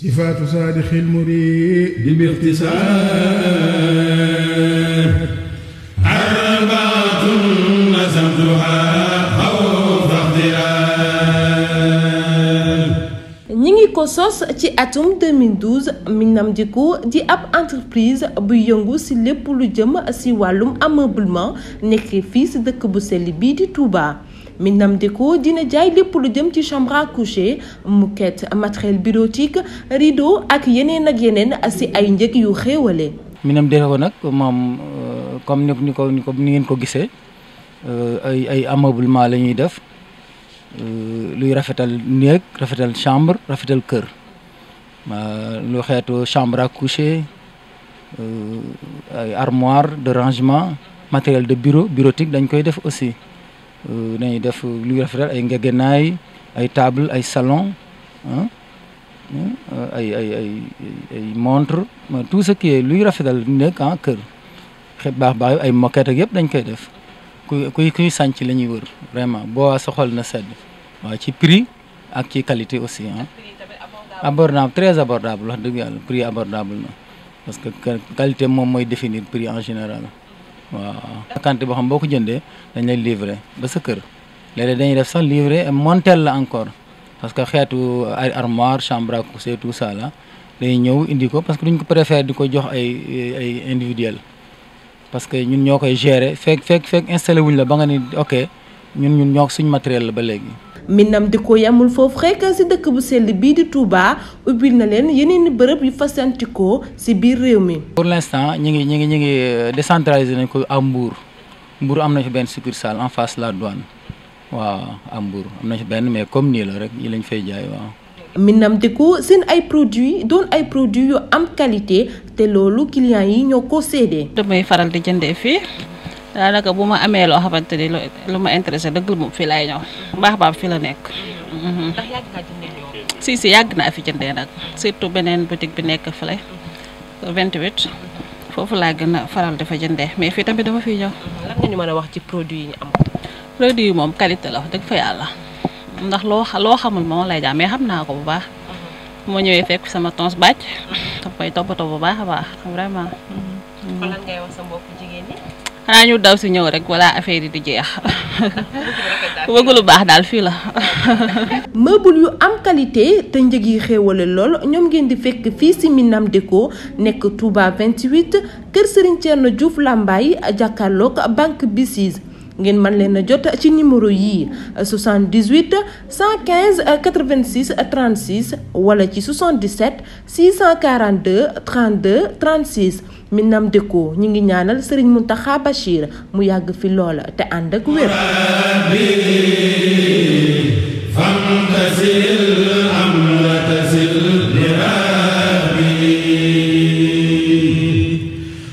sifaatu saadixil muriid di bixtisaar arbaatun nasamtuhaa xawfa xtiraar ñi ngi ko sos ci atum 2012 Minam Déco di ab entreprise bu yëngu ci lépp lu jëm ci wàllum ameublement nekk fii ci dëkk bu sell bii di Touba Minam ko dina jaay lépp lu jëm ci chambre à coucher moquette matériel bureautique rideau ak yeneen ak yeneen si ay njëg yu xéewale Minam Déco nag moom euh, comme ni ko ni ko ni ngeen ko gisee euh, ay ay ameublement la ñuy def euh, luy rafetal néeg rafetal chambre rafetal kër lu xeetu chambre à coucher ay armoire de rangement matériel de bureau bureautique dañ koy def aussi dañuy euh, def luy rafetal ay ngegenaay ay table ay salon euh, ay ay ay ay montre tout ce qui est luy rafetal nekk ah kër xet baax baax ay moquette ak yëpp dañ koy def ku kuy kuy sànc la ñuy wër vraiment boo waa soxal na sedd waaw ci prix ak ci qualité aussi ah abordable très abordable wax dëgg yàlla prix abordable na parce que qualité moom mooy définir prix en général waaw quantité boo xam boo ko jëndee dañ lay livrer ba sa kër léeg dañuy def sax livrer montel la encore parce que xeetu ay armoire chambre à coucher tout ça là day ñëw indi ko parce que duñ ko préfère di ko jox ay ay individuel parce que ñun ñoo koy gere fekk fekk fekk installé wuñ la ba nga ni ok ñun ñun ñoo suñ matériel la ba léegi. Minam di ko yamul foofu rek si dëkk bu sell bii di Touba ubbil na leen yeneen bërëb yu fasantikoo si biir réew mi. pour l' instant ñu ngi ñu ngi ñu ngi euh, décentralisé nañ ko à Mbour Mbour am na fi benn succursale en face la douane waaw à Mbour am na fi benn mais comme nii la rek yi lañu fay jaay waaw. di ko seen ay produits doon ay produits yu am qualité te loolu clients yi ñoo ko séedee. damay faral di jëndee fii. daanaka bu ma amee loo xamante ni lu ma intéressé dëgg moom fii laay ñëw baax baax fi la nekk. Mm-hmm. ndax yàgg naa jëndee si si yàgg naa fi jëndee nag surtout beneen boutique bi nekk fële 28 mm-hmm. foofu laa gën a faral fa jëndee mais fii tamit dama fiy ñëw. ñu mën a wax ci produit yi am. produit yi moom qualité la wax fa yàlla ndax loo loo xamul moom lay jaam xam naa ko bu baax. Mm-hmm. moo ñëwee fekk sama tons bàcc. daf koy toppatoo bu baax a baax vraiment. kon sa mbokku jigéen xanaa ñu daw si ñëw rek wala affaire yi di jeex bëgg lu baax daal fii la. meuble yu am qualité te njëg yi xéewale lool ñoom ngeen di fekk fii siminam Minam nekk Touba 28 kër Serigne Thierno Diouf Lambaye jàkkaarloog banque BICIS. ngeen man leen a jot ci numéro yii 78 115 86 36 wala ci 77 642 32 36 Minam Déco ñu ngi ñaanal Serigne Mountakha Bachir mu yàgg fi lool te ànd ak wér.